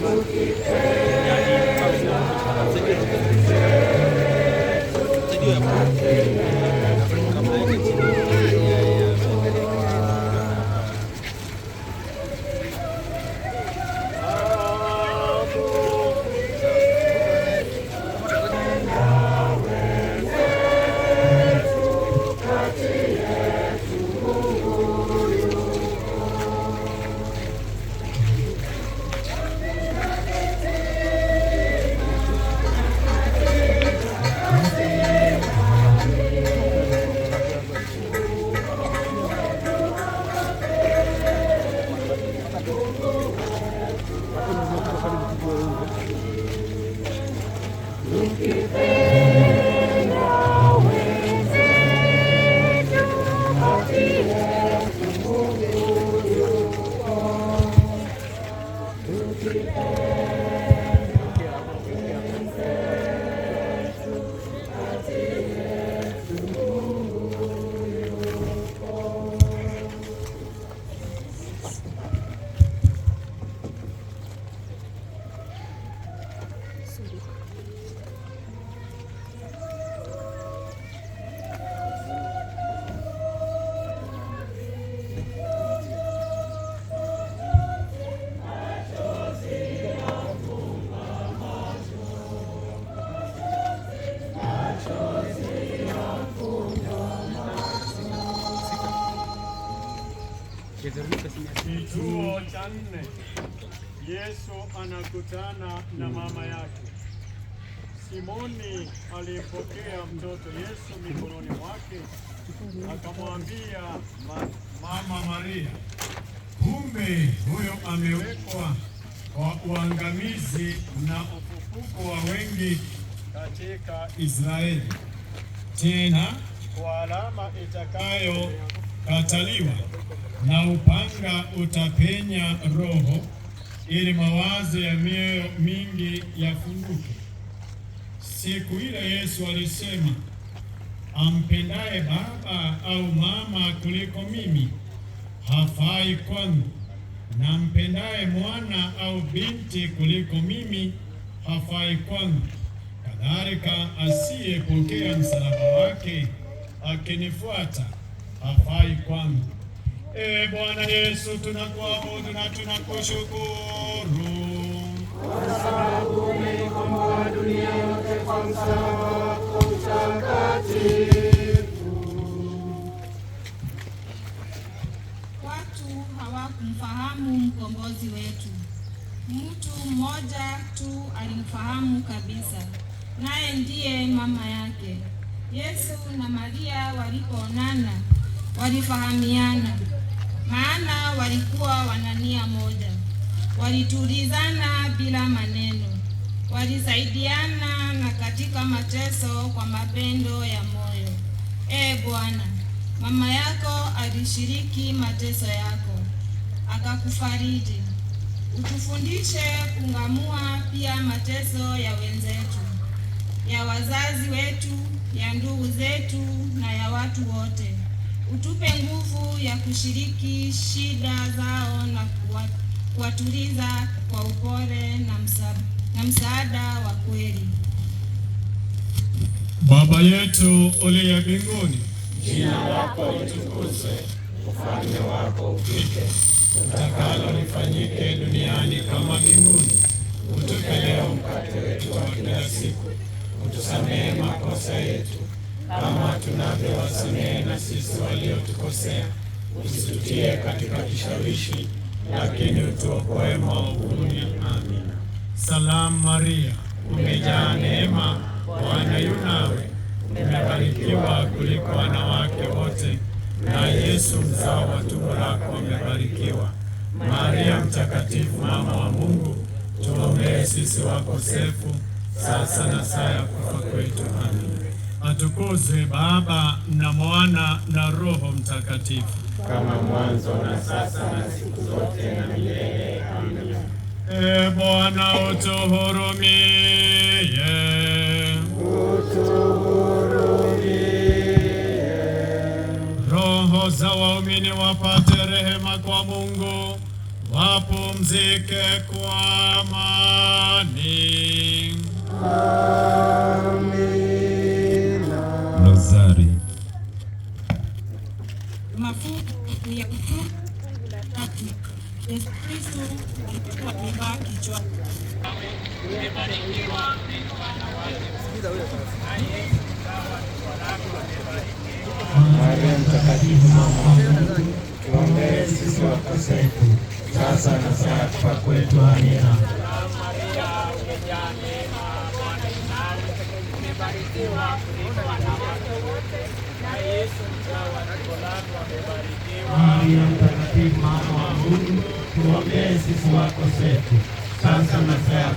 Gracias. Thank you. Kituo cha nne, Yesu anakutana na mama yake. Simoni alipokea mtoto Yesu mikononi mwake akamwambia ma, mama Maria, kumbe huyo amewekwa kwa uangamizi na ufufuko wa wengi katika Israeli, tena kwa alama itakayokataliwa na upanga utapenya roho, ili mawazo ya mioyo mingi yafunguke. Siku ile Yesu alisema, ampendaye baba au mama kuliko mimi hafai kwangu, na mpendaye mwana au binti kuliko mimi hafai kwangu. Kadhalika, asiyepokea msalaba wake akinifuata hafai kwangu. E Bwana Yesu, tunakuabudu na tunakushukuru kwa sababu umekomboa dunia yote kwa msalaba wako mtakatifu. Watu hawakumfahamu mkombozi wetu. Mtu mmoja tu alimfahamu kabisa, naye ndiye mama yake. Yesu na Maria walipoonana walifahamiana maana walikuwa wana nia moja. Walitulizana bila maneno, walisaidiana na katika mateso kwa mapendo ya moyo. E Bwana, mama yako alishiriki mateso yako akakufariji. Utufundishe kungamua pia mateso ya wenzetu, ya wazazi wetu, ya ndugu zetu na ya watu wote utupe nguvu ya kushiriki shida zao na kuwatuliza kwa upole na, msa, na msaada wa kweli. Baba yetu uliye mbinguni, jina lako litukuzwe, ufalme wako ufike, utakalo lifanyike duniani kama mbinguni. Utupe leo mkate wetu wa kila siku, utusamehe makosa yetu kama tunavyowasamehe na sisi waliotukosea, usitutie katika kishawishi, lakini utuokoe maovuni. Amina. Salamu Maria, umejaa neema, Bwana yu nawe, umebarikiwa kuliko wanawake wote, na Yesu mzao wa tumbo lako amebarikiwa. Maria Mtakatifu, mama wa Mungu, tuombee sisi wakosefu, sasa na saa ya kufa kwetu. Amina. Atukuzwe Baba na Mwana na Roho Mtakatifu, kama mwanzo na sasa na siku zote na milele. Amina. E Bwana, utuhurumie, Roho za waumini wapate rehema kwa Mungu, wapumzike kwa amani. mafungu ya kutubu tatu. Yesu Kristo alikuwa amevaa kichwa Maria Mtakatifu, mama tuombee sisi wakosefu, sasa na saa ya kufa kwetu. Amina. Maria Mtakatifu, mama wa Mungu, tuombee sisi wakosefu sasa na saa ya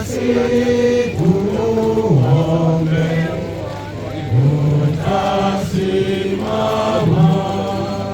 Adios. Adios.